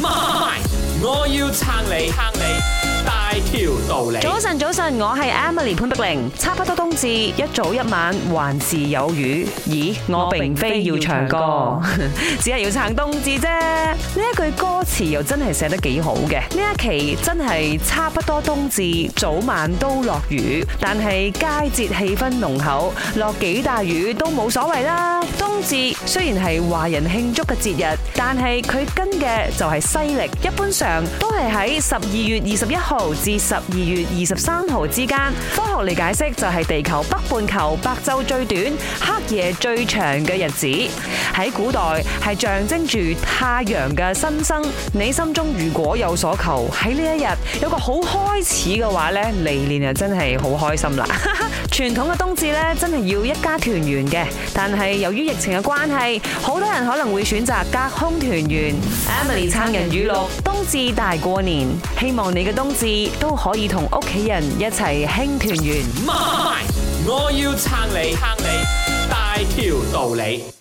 My，My. 我要撐你，撐你。大條道理，早晨早晨，我係 Emily 潘碧玲。差不多冬至，一早一晚還是有雨。咦，我並非要唱歌，只係要撐冬至啫。呢一句歌詞又真係寫得幾好嘅。呢一期真係差不多冬至，早晚都落雨，但係佳節氣氛濃厚，落幾大雨都冇所謂啦。冬至雖然係華人慶祝嘅節日，但係佢跟嘅就係西曆，一般上都係喺十二月二十一號號至十二月二十三號之間，科學嚟解釋就係地球北半球白晝最短、黑夜最長嘅日子。喺古代係象徵住太陽嘅新生。你心中如果有所求，喺呢一日有個好開始嘅話呢，嚟年啊真係好開心啦！ 傳統嘅冬至咧，真係要一家團圓嘅。但係由於疫情嘅關係，好多人可能會選擇隔空團圓。Emily 撐人語錄，冬至大過年，希望你嘅冬至都可以同屋企人一齊興團圓。我要撐你，撐你，大條道理。